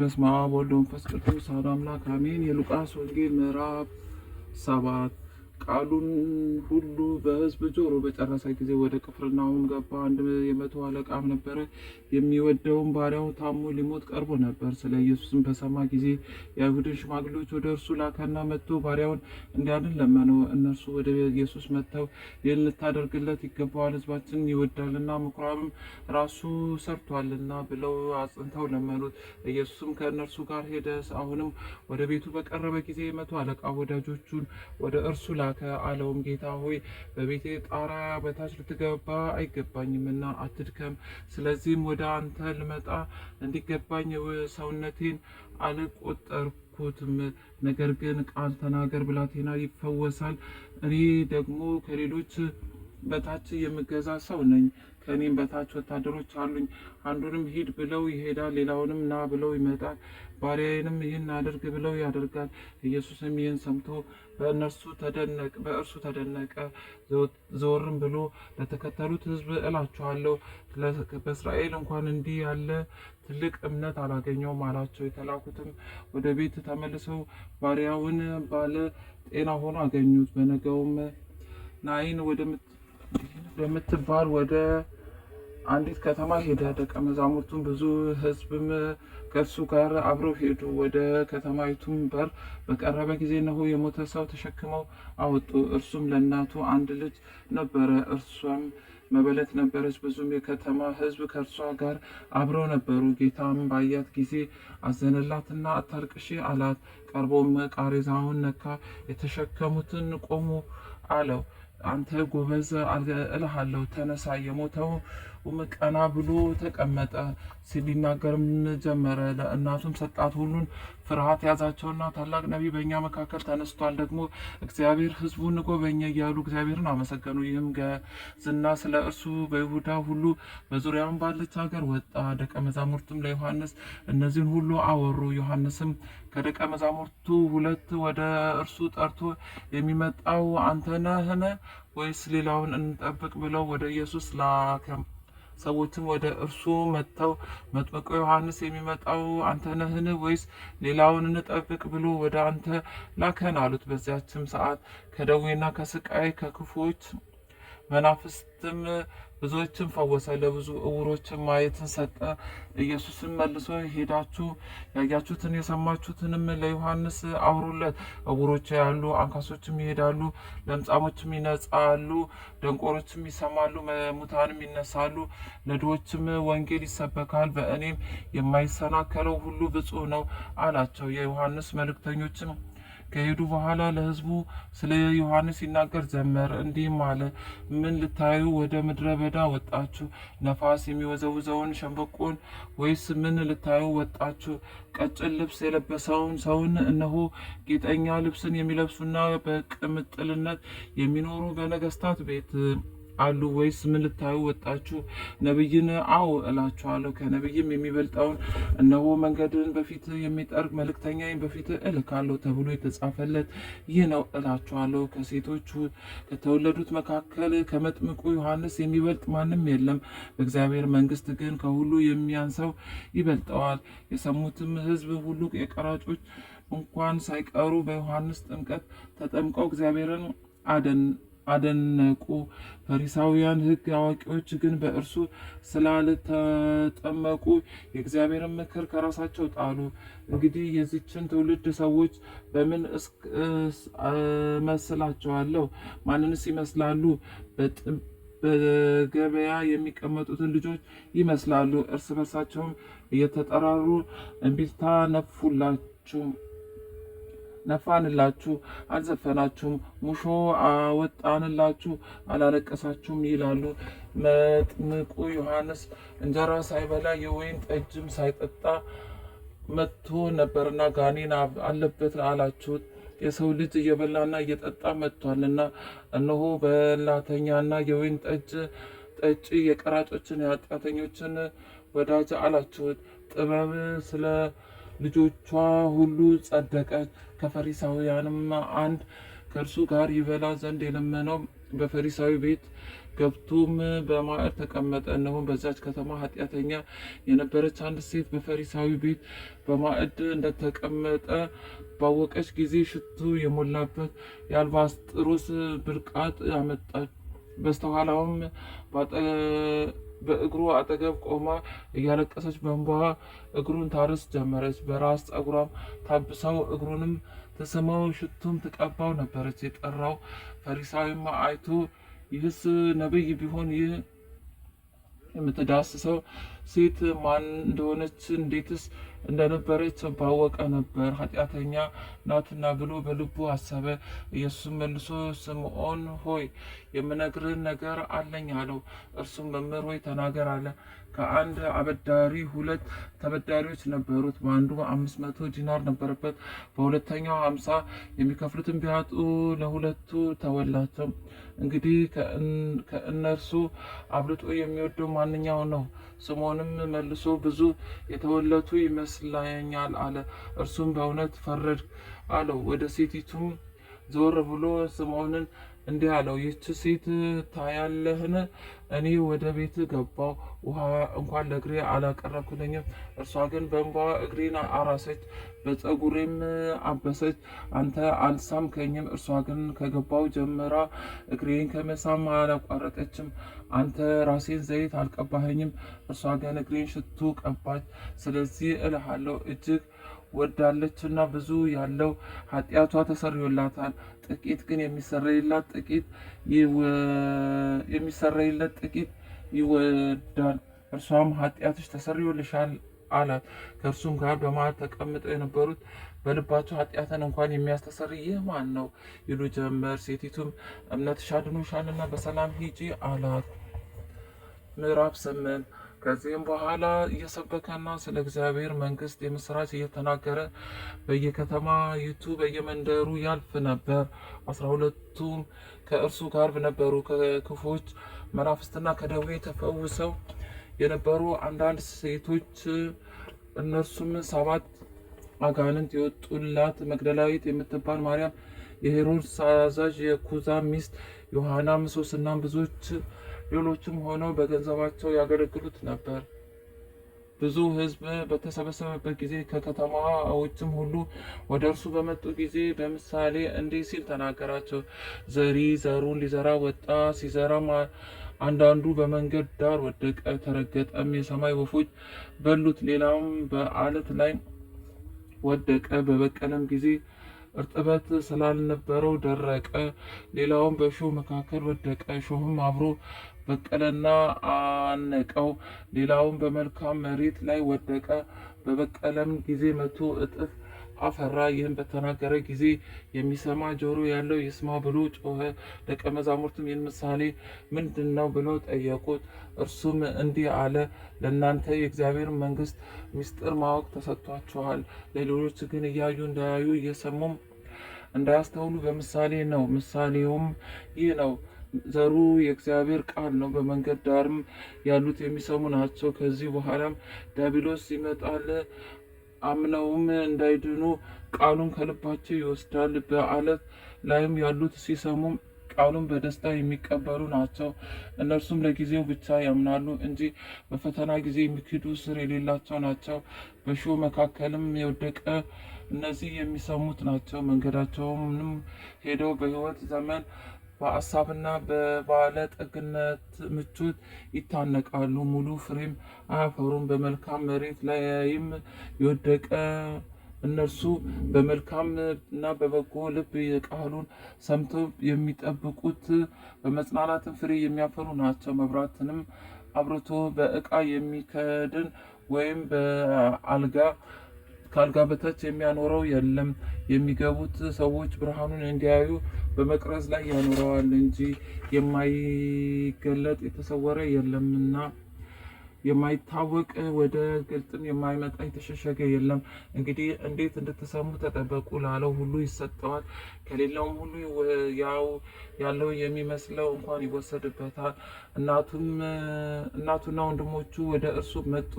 በስመ አብ ወወልድ ወመንፈስ ቅዱስ አሐዱ አምላክ አሜን። የሉቃስ ወንጌል ምዕራፍ ሰባት ቃሉን ሁሉ በሕዝብ ጆሮ በጨረሰ ጊዜ ወደ ቅፍርናሆም ገባ። አንድ የመቶ አለቃም ነበረ፣ የሚወደውን ባሪያው ታሞ ሊሞት ቀርቦ ነበር። ስለ ኢየሱስም በሰማ ጊዜ የአይሁድን ሽማግሌዎች ወደ እርሱ ላከና መጥቶ ባሪያውን እንዲያድን ለመነው። እነርሱ ወደ ኢየሱስ መጥተው ይህን ልታደርግለት ይገባዋል፣ ሕዝባችን ይወዳልና ምኩራብም ራሱ ሰርቷልና ብለው አጽንተው ለመኑት። ኢየሱስም ከእነርሱ ጋር ሄደ። አሁንም ወደ ቤቱ በቀረበ ጊዜ የመቶ አለቃ ወዳጆቹን ወደ እርሱ ላከ አለውም ጌታ ሆይ በቤቴ ጣራ በታች ልትገባ አይገባኝምና አትድከም። ስለዚህም ወደ አንተ ልመጣ እንዲገባኝ ሰውነቴን አልቆጠርኩትም። ነገር ግን ቃል ተናገር፣ ብላቴና ይፈወሳል። እኔ ደግሞ ከሌሎች በታች የምገዛ ሰው ነኝ። ከእኔም በታች ወታደሮች አሉኝ። አንዱንም ሂድ ብለው ይሄዳል፣ ሌላውንም ና ብለው ይመጣል፣ ባሪያዬንም ይህን አድርግ ብለው ያደርጋል። ኢየሱስም ይህን ሰምቶ በእነርሱ ተደነቀ በእርሱ ተደነቀ። ዘወርም ብሎ ለተከተሉት ሕዝብ እላችኋለሁ በእስራኤል እንኳን እንዲህ ያለ ትልቅ እምነት አላገኘውም አላቸው። የተላኩትም ወደ ቤት ተመልሰው ባሪያውን ባለ ጤና ሆኖ አገኙት። በነገውም ናይን ወደምትባል ወደ አንዲት ከተማ ሄደ። ደቀ መዛሙርቱም ብዙ ሕዝብም ከእርሱ ጋር አብረው ሄዱ። ወደ ከተማይቱም በር በቀረበ ጊዜ እነሆ የሞተ ሰው ተሸክመው አወጡ። እርሱም ለእናቱ አንድ ልጅ ነበረ። እርሷም መበለት ነበረች። ብዙም የከተማ ሕዝብ ከእርሷ ጋር አብረው ነበሩ። ጌታም ባያት ጊዜ አዘነላትና አታልቅሺ አላት። ቀርቦም ቃሬዛውን ነካ፣ የተሸከሙትን ቆሙ አለው። አንተ ጎበዝ እልሃለሁ፣ ተነሳ የሞተው ሳይቆም ቀና ብሎ ተቀመጠ። ሲናገርም ጀመረ። ለእናቱም ሰጣት። ሁሉን ፍርሃት ያዛቸውና ታላቅ ነቢይ በእኛ መካከል ተነስቷል፣ ደግሞ እግዚአብሔር ሕዝቡን ጎበኘ እያሉ እግዚአብሔርን አመሰገኑ። ይህም ዝና ስለ እርሱ በይሁዳ ሁሉ በዙሪያውን ባለች ሀገር ወጣ። ደቀ መዛሙርቱም ለዮሐንስ እነዚህን ሁሉ አወሩ። ዮሐንስም ከደቀ መዛሙርቱ ሁለት ወደ እርሱ ጠርቶ የሚመጣው አንተ ነህን ወይስ ሌላውን እንጠብቅ? ብለው ወደ ኢየሱስ ላከም። ሰዎችም ወደ እርሱ መጥተው መጥምቁ ዮሐንስ የሚመጣው አንተ ነህን? ወይስ ሌላውን እንጠብቅ ብሎ ወደ አንተ ላከን አሉት። በዚያችም ሰዓት ከደዌና ከስቃይ ከክፉዎች መናፍስትም ብዙዎችን ፈወሰ፣ ለብዙ እውሮችን ማየትን ሰጠ። ኢየሱስን መልሶ ሄዳችሁ ያያችሁትን የሰማችሁትንም ለዮሐንስ አውሩለት፣ እውሮች ያሉ፣ አንካሶችም ይሄዳሉ፣ ለምጻሞችም ይነጻሉ፣ ደንቆሮችም ይሰማሉ፣ ሙታንም ይነሳሉ፣ ለድሆችም ወንጌል ይሰበካል፣ በእኔም የማይሰናከለው ሁሉ ብፁዕ ነው አላቸው። የዮሐንስ መልእክተኞችም ከሄዱ በኋላ ለሕዝቡ ስለ ዮሐንስ ሲናገር ጀመር። እንዲህም አለ፣ ምን ልታዩ ወደ ምድረ በዳ ወጣችሁ? ነፋስ የሚወዘውዘውን ሸምበቆን? ወይስ ምን ልታዩ ወጣችሁ? ቀጭን ልብስ የለበሰውን ሰውን? እነሆ ጌጠኛ ልብስን የሚለብሱና በቅምጥልነት የሚኖሩ በነገስታት ቤት አሉ ወይስ ምን ልታዩ ወጣችሁ? ነብይን አው እላችኋለሁ ከነብይም የሚበልጠውን እነሆ መንገድን በፊት የሚጠርግ መልእክተኛዬን በፊት እልካለሁ ተብሎ የተጻፈለት ይህ ነው እላችኋለሁ። ከሴቶቹ ከተወለዱት መካከል ከመጥምቁ ዮሐንስ የሚበልጥ ማንም የለም። በእግዚአብሔር መንግስት ግን ከሁሉ የሚያንሰው ይበልጠዋል። የሰሙትም ህዝብ ሁሉ የቀራጮች እንኳን ሳይቀሩ በዮሐንስ ጥምቀት ተጠምቀው እግዚአብሔርን አደን አደነቁ። ፈሪሳውያን ሕግ አዋቂዎች ግን በእርሱ ስላልተጠመቁ የእግዚአብሔርን ምክር ከራሳቸው ጣሉ። እንግዲህ የዚችን ትውልድ ሰዎች በምን እመስላቸዋለሁ? ማንንስ ይመስላሉ? በገበያ የሚቀመጡትን ልጆች ይመስላሉ። እርስ በርሳቸውም እየተጠራሩ እምቢልታ ነፉላችሁ። ነፋንላችሁ፣ አልዘፈናችሁም፣ ሙሾ አወጣንላችሁ፣ አላለቀሳችሁም ይላሉ መጥምቁ ዮሐንስ። እንጀራ ሳይበላ የወይን ጠጅም ሳይጠጣ መጥቶ ነበርና ጋኔን አለበት አላችሁት። የሰው ልጅ እየበላና እየጠጣ መጥቷልና፣ እነሆ በላተኛና የወይን ጠጅ ጠጪ የቀራጮችን የኃጢአተኞችን ወዳጅ አላችሁት። ጥበብ ስለ ልጆቿ ሁሉ ጸደቀች። ከፈሪሳውያንም አንድ ከእርሱ ጋር ይበላ ዘንድ የለመነው በፈሪሳዊ ቤት ገብቶም በማዕድ ተቀመጠ። እነሆም በዛች ከተማ ኃጢአተኛ የነበረች አንድ ሴት በፈሪሳዊ ቤት በማዕድ እንደተቀመጠ ባወቀች ጊዜ ሽቱ የሞላበት የአልባስጥሮስ ብልቃጥ አመጣች። በስተኋላውም በእግሩ አጠገብ ቆማ እያለቀሰች በእንባዋ እግሩን ታርስ ጀመረች። በራስ ጸጉሯም ታብሰው እግሩንም ተስማው ሽቱም ትቀባው ነበረች። የጠራው ፈሪሳዊማ አይቶ ይህስ ነቢይ ቢሆን ይህ የምትዳስሰው ሴት ማን እንደሆነች እንዴትስ እንደነበረች ባወቀ ነበር። ኃጢአተኛ ናትና ብሎ በልቡ አሰበ። ኢየሱስ መልሶ ስምዖን ሆይ የምነግርህ ነገር አለኝ አለው። እርሱም መምህር ሆይ ተናገር አለ። ከአንድ አበዳሪ ሁለት ተበዳሪዎች ነበሩት። በአንዱ አምስት መቶ ዲናር ነበረበት፣ በሁለተኛው ሀምሳ የሚከፍሉትን ቢያጡ ለሁለቱ ተወላቸው። እንግዲህ ከእነርሱ አብልጦ የሚወደው ማንኛው ነው? ስምዖንም መልሶ ብዙ የተወለቱ ይመስለኛል አለ። እርሱም በእውነት ፈረድ አለው። ወደ ሴቲቱም ዞር ብሎ ስምዖንን እንዲህ አለው፣ ይህች ሴት ታያለህን? እኔ ወደ ቤት ገባው ውሃ እንኳን ለእግሬ አላቀረብክልኝም። እርሷ ግን በእንባ እግሬን አራሰች፣ በፀጉሬም አበሰች። አንተ አልሳምከኝም። እርሷ ግን ከገባው ጀምራ እግሬን ከመሳም አላቋረጠችም። አንተ ራሴን ዘይት አልቀባኸኝም፣ እርሷ ግን እግሬን ሽቱ ቀባች። ስለዚህ እልሃለሁ እጅግ ወዳለችና ብዙ ያለው ኃጢአቷ ተሰርዮላታል፣ ጥቂት ግን የሚሰረይላት ጥቂት የሚሰረይለት ጥቂት ይወዳል። እርሷም ኃጢአትሽ ተሰርዮልሻል አላት። ከእርሱም ጋር በማዕድ ተቀምጠው የነበሩት በልባቸው ኃጢአትን እንኳን የሚያስተሰርይ ይህ ማን ነው ይሉ ጀመር። ሴቲቱም እምነትሽ አድኖሻልና በሰላም ሂጂ አላት። ምዕራፍ ስምንት ከዚህም በኋላ እየሰበከና ስለ እግዚአብሔር መንግስት የምስራች እየተናገረ በየከተማይቱ በየመንደሩ ያልፍ ነበር። አስራ ሁለቱም ከእርሱ ጋር ነበሩ። ከክፎች መናፍስትና ከደዌ ተፈውሰው የነበሩ አንዳንድ ሴቶች እነርሱም ሰባት አጋንንት የወጡላት መግደላዊት የምትባል ማርያም፣ የሄሮድስ አዛዥ የኩዛ ሚስት ዮሐና፣ ምሶስና ብዙዎች ሌሎችም ሆነው በገንዘባቸው ያገለግሉት ነበር። ብዙ ሕዝብ በተሰበሰበበት ጊዜ ከከተማዋ ውጭም ሁሉ ወደ እርሱ በመጡ ጊዜ በምሳሌ እንዲህ ሲል ተናገራቸው። ዘሪ ዘሩን ሊዘራ ወጣ። ሲዘራም አንዳንዱ በመንገድ ዳር ወደቀ፣ ተረገጠም፣ የሰማይ ወፎች በሉት። ሌላውም በዓለት ላይ ወደቀ፣ በበቀለም ጊዜ እርጥበት ስላልነበረው ደረቀ። ሌላውም በእሾህ መካከል ወደቀ፣ እሾህም አብሮ በቀለና አነቀው። ሌላውም በመልካም መሬት ላይ ወደቀ፣ በበቀለም ጊዜ መቶ እጥፍ አፈራ። ይህም በተናገረ ጊዜ የሚሰማ ጆሮ ያለው ይስማ ብሎ ጮኸ። ደቀ መዛሙርትም ይህን ምሳሌ ምንድን ነው ብሎ ጠየቁት። እርሱም እንዲህ አለ፣ ለእናንተ የእግዚአብሔር መንግስት ምስጢር ማወቅ ተሰጥቷችኋል፣ ለሌሎች ግን እያዩ እንዳያዩ እየሰሙም እንዳያስተውሉ በምሳሌ ነው። ምሳሌውም ይህ ነው። ዘሩ የእግዚአብሔር ቃል ነው። በመንገድ ዳርም ያሉት የሚሰሙ ናቸው። ከዚህ በኋላም ዲያብሎስ ይመጣል፣ አምነውም እንዳይድኑ ቃሉን ከልባቸው ይወስዳል። በዓለት ላይም ያሉት ሲሰሙም ቃሉን በደስታ የሚቀበሉ ናቸው። እነርሱም ለጊዜው ብቻ ያምናሉ እንጂ በፈተና ጊዜ የሚክዱ ስር የሌላቸው ናቸው። በሾ መካከልም የወደቀ እነዚህ የሚሰሙት ናቸው። መንገዳቸውንም ሄደው በሕይወት ዘመን በአሳብና በባለ ጠግነት ምቾት ይታነቃሉ። ሙሉ ፍሬም አያፈሩም። በመልካም መሬት ላይም የወደቀ እነርሱ በመልካም እና በበጎ ልብ የቃሉን ሰምተው የሚጠብቁት በመጽናናትን ፍሬ የሚያፈሩ ናቸው። መብራትንም አብርቶ በእቃ የሚከድን ወይም በአልጋ ከአልጋ በታች የሚያኖረው የለም። የሚገቡት ሰዎች ብርሃኑን እንዲያዩ በመቅረዝ ላይ ያኖረዋል እንጂ የማይገለጥ የተሰወረ የለምና የማይታወቅ ወደ ግልጥም የማይመጣ የተሸሸገ የለም። እንግዲህ እንዴት እንድትሰሙ ተጠበቁ። ላለው ሁሉ ይሰጠዋል፣ ከሌለውም ሁሉ ያው ያለው የሚመስለው እንኳን ይወሰድበታል። እናቱና ወንድሞቹ ወደ እርሱ መጡ፣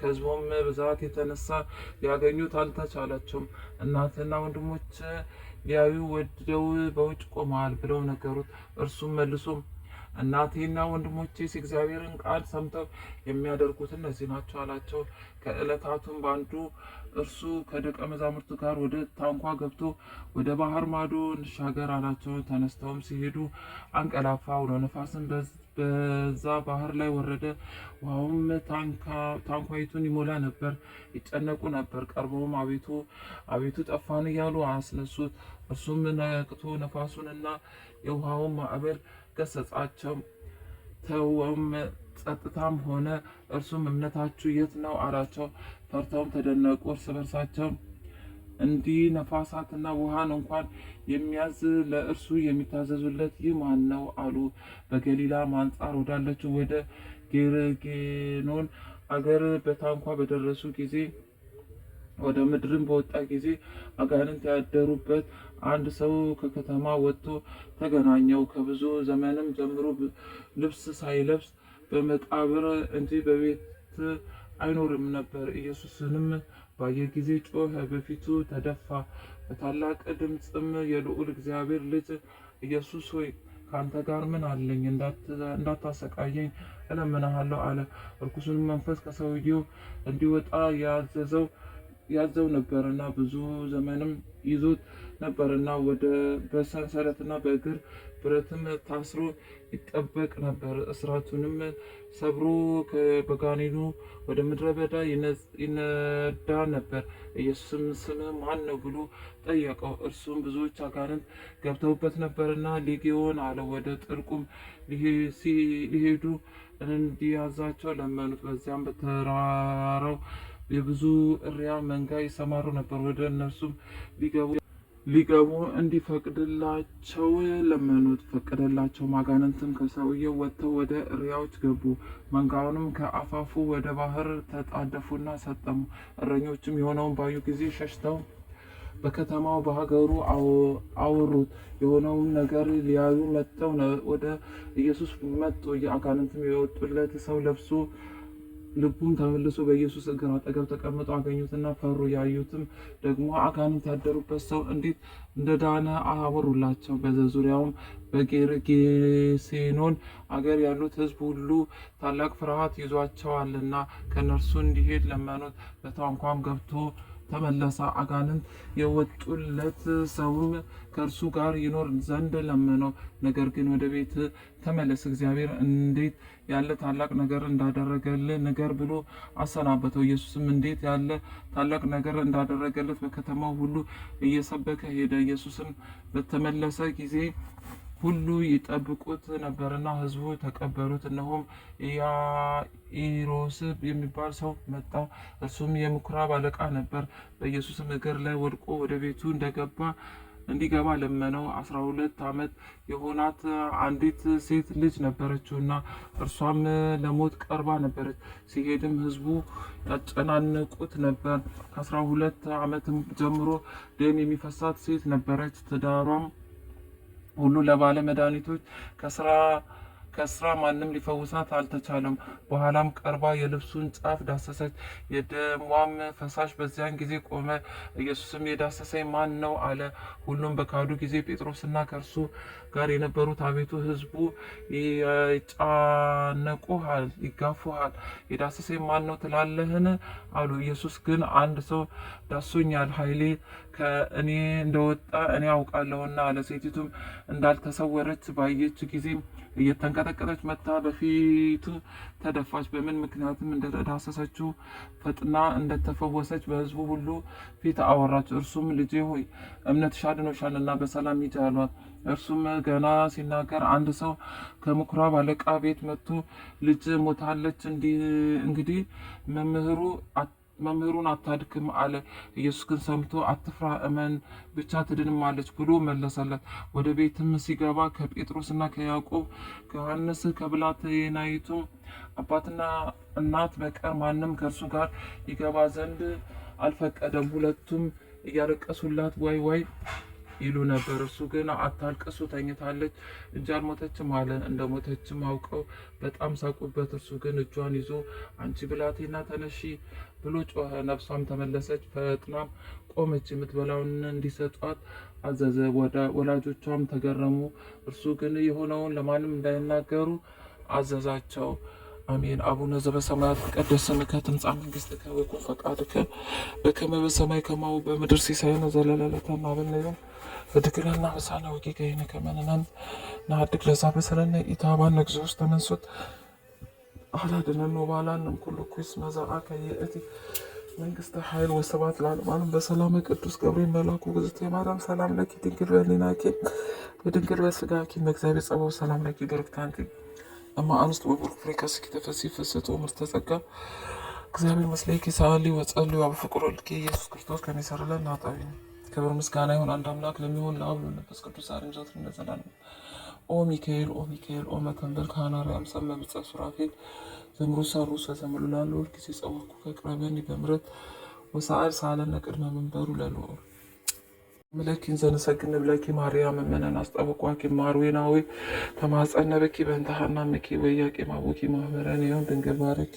ከሕዝቡም ብዛት የተነሳ ሊያገኙት አልተቻላቸውም። እናትና ወንድሞች ሊያዩ ወደው በውጭ ቆመዋል ብለው ነገሩት። እርሱም መልሶ እናቴና ወንድሞቼስ የእግዚአብሔርን ቃል ሰምተው የሚያደርጉት እነዚህ ናቸው አላቸው። ከእለታቱም በአንዱ እርሱ ከደቀ መዛሙርቱ ጋር ወደ ታንኳ ገብቶ ወደ ባህር ማዶ እንሻገር አላቸው። ተነስተውም ሲሄዱ አንቀላፋ፣ አውሎ በዝ በዛ ባህር ላይ ወረደ። ውሃውም ታንኳይቱን ይሞላ ነበር። ይጨነቁ ነበር። ቀርበውም አቤቱ አቤቱ ጠፋን እያሉ አስነሱት። እርሱም ነቅቶ ነፋሱንና የውሃውን ማዕበል ገሰጻቸው። ተወም፣ ጸጥታም ሆነ። እርሱም እምነታችሁ የት ነው አላቸው። ፈርተውም ተደነቁ እርስ በርሳቸው እንዲህ ነፋሳትና ውሃን እንኳን የሚያዝ ለእርሱ የሚታዘዙለት ይህ ማን ነው አሉ። በገሊላ አንጻር ወዳለችው ወደ ጌርጌኖን አገር በታንኳ በደረሱ ጊዜ ወደ ምድርም በወጣ ጊዜ አጋንንት ያደሩበት አንድ ሰው ከከተማ ወጥቶ ተገናኘው። ከብዙ ዘመንም ጀምሮ ልብስ ሳይለብስ በመቃብር እንጂ በቤት አይኖርም ነበር። ኢየሱስንም ባየ ጊዜ ጮኸ፣ በፊቱ ተደፋ። በታላቅ ድምፅም የልዑል እግዚአብሔር ልጅ ኢየሱስ ሆይ ከአንተ ጋር ምን አለኝ? እንዳታሰቃየኝ እለምንሃለሁ አለ። እርኩሱን መንፈስ ከሰውየው እንዲወጣ ያዘዘው ያዘው ነበርና ብዙ ዘመንም ይዞት ነበርና ወደ በሰንሰለትና በእግር ብረትም ታስሮ ይጠበቅ ነበር። እስራቱንም ሰብሮ በጋኔኑ ወደ ምድረ በዳ ይነዳ ነበር። ኢየሱስም ስም ማን ነው ብሎ ጠየቀው። እርሱም ብዙዎች አጋንንት ገብተውበት ነበርና ሌጌዎን አለ። ወደ ጥልቁም ሊሄዱ እንዲያዛቸው ለመኑት። በዚያም በተራራው የብዙ እሪያ መንጋ ይሰማሩ ነበር። ወደ እነርሱም ሊገቡ ሊገቡ እንዲፈቅድላቸው ለመኑት። ፈቀደላቸው። ማጋነንትም ከሰውየው ወጥተው ወደ እሪያዎች ገቡ። መንጋውንም ከአፋፉ ወደ ባህር ተጣደፉና ሰጠሙ። እረኞችም የሆነውን ባዩ ጊዜ ሸሽተው በከተማው በሀገሩ አወሩት። የሆነውን ነገር ሊያዩ መጥተው ወደ ኢየሱስ መጡ። የአጋንንትም የወጡለት ሰው ለብሶ ልቡም ተመልሶ በኢየሱስ እግር አጠገብ ተቀምጦ አገኙትና ፈሩ። ያዩትም ደግሞ አጋንንት ያደሩበት ሰው እንዴት እንደዳነ አወሩላቸው። በዘ ዙሪያውም በጌርጌሴኖን አገር ያሉት ሕዝብ ሁሉ ታላቅ ፍርሃት ይዟቸዋልና ከእነርሱ እንዲሄድ ለመኑት። በታንኳም ገብቶ ተመለሰ። አጋንንት የወጡለት ሰውም ከእርሱ ጋር ይኖር ዘንድ ለመነው። ነገር ግን ወደ ቤት ተመለስ፣ እግዚአብሔር እንዴት ያለ ታላቅ ነገር እንዳደረገልህ ነገር ብሎ አሰናበተው። ኢየሱስም እንዴት ያለ ታላቅ ነገር እንዳደረገለት በከተማው ሁሉ እየሰበከ ሄደ። ኢየሱስም በተመለሰ ጊዜ ሁሉ ይጠብቁት ነበርና ህዝቡ ተቀበሉት። እነሆም ኢያኢሮስ የሚባል ሰው መጣ፣ እርሱም የምኩራብ አለቃ ነበር። በኢየሱስም እግር ላይ ወድቆ ወደ ቤቱ እንደገባ እንዲገባ ለመነው። አስራ ሁለት ዓመት የሆናት አንዲት ሴት ልጅ ነበረችውና እርሷም ለሞት ቀርባ ነበረች። ሲሄድም ህዝቡ ያጨናንቁት ነበር። ከአስራ ሁለት ዓመትም ጀምሮ ደም የሚፈሳት ሴት ነበረች። ትዳሯም ሁሉ ለባለ መድኃኒቶች ከስራ ከስራ ማንም ሊፈውሳት አልተቻለም። በኋላም ቀርባ የልብሱን ጫፍ ዳሰሰች፣ የደሟም ፈሳሽ በዚያን ጊዜ ቆመ። ኢየሱስም የዳሰሰኝ ማን ነው አለ። ሁሉም በካዱ ጊዜ ጴጥሮስና ከእርሱ ጋር የነበሩት አቤቱ ሕዝቡ ይጫነቁሃል፣ ይጋፉሃል፣ የዳሰሰኝ ማን ነው ትላለህን አሉ። ኢየሱስ ግን አንድ ሰው ዳሶኛል፣ ኃይሌ ከእኔ እንደወጣ እኔ አውቃለሁና አለ። ሴቲቱም እንዳልተሰወረች ባየች ጊዜ እየተንቀጠቀጠች መታ በፊቱ ተደፋች። በምን ምክንያትም እንደተዳሰሰችው ፈጥና እንደተፈወሰች በህዝቡ ሁሉ ፊት አወራች። እርሱም ልጄ ሆይ እምነትሽ አድኖሻልና በሰላም ሂጂ አሏት። እርሱም ገና ሲናገር አንድ ሰው ከምኩራብ አለቃ ቤት መጥቶ ልጅ ሞታለች፣ እንግዲህ መምህሩ መምህሩን አታድክም አለ። ኢየሱስ ግን ሰምቶ አትፍራ እመን ብቻ ትድንማለች ብሎ መለሰለት። ወደ ቤትም ሲገባ ከጴጥሮስና ከያዕቆብ ከዮሐንስ ከብላቴናይቱ አባትና እናት በቀር ማንም ከእርሱ ጋር ይገባ ዘንድ አልፈቀደም። ሁለቱም እያለቀሱላት ዋይ ዋይ ይሉ ነበር። እሱ ግን አታልቅሱ፣ ተኝታለች እንጂ አልሞተችም አለ። እንደሞተችም አውቀው በጣም ሳቁበት። እሱ ግን እጇን ይዞ አንቺ ብላቴና ተነሺ ብሎ ጮኸ። ነፍሷም ተመለሰች። ፈጥናም ቆመች። የምትበላውን እንዲሰጧት አዘዘ። ወላጆቿም ተገረሙ። እርሱ ግን የሆነውን ለማንም እንዳይናገሩ አዘዛቸው። አሜን። አቡነ ዘበሰማያት ይትቀደስ ስምከ ትምጻእ መንግሥትከ ወይኩን ፈቃድከ በከመ በሰማይ ከማሁ በምድር ሲሳየነ ዘለለዕለትነ ሀበነ እድግለና ምሳለ ወቂቀ ከመንነን ንአድግ ለዛ በሰለነ ኢታባን ነግዞ ውስጥ ተመንሶት አላድነኖ ባላንም ኩሉ ኩስ መዛአ ከየእቲ መንግስተ ሀይል ወሰባት ለዓለሙ በሰላም ቅዱስ ገብርኤል መላኩ ግዝእተ ማርያም ሰላም ለኪ ድንግል በሊናኪ ወድንግል በስጋኪ መግዛቤ ጸባው ሰላም ለኪ ብርክት እማ አንስት ወቡሩክ ፍሬ ከርስኪ ተፈሥሒ ፍሥሕት ወምሕረት ጸጋ እግዚአብሔር ምስሌኪ ሰአሊ ወጸልዪ አብ ፍቁር ወልድኪ ኢየሱስ ክርስቶስ ከሚሰርለን ናጣቢ ኃጣውኢነ ክብር ምስጋና ይሁን አንድ አምላክ ለሚሆን ለአብ ለመንፈስ ቅዱስ ዛሬም ዘወትር እንደዘላለም። ኦ ሚካኤል ኦ ሚካኤል ኦ መከንበር ካህናርያም ሰመ ብጸ ሱራፌል ዘምሩ ሰሩ ሰዘምሉ ላለወር ጊዜ ጸዋኩ ከቅረበኒ በምረት ወሰአል ሳለነ ቅድመ መንበሩ ለልዑል ምለኪ ዘንሰግን ብለኪ ማርያም መመነን አስጠብቋኪ ማርዌናዊ ተማጸነበኪ በእንተ ሐና እምኪ ወኢያቄም አቡኪ ማኅበረን ዮም ድንግል ባረኪ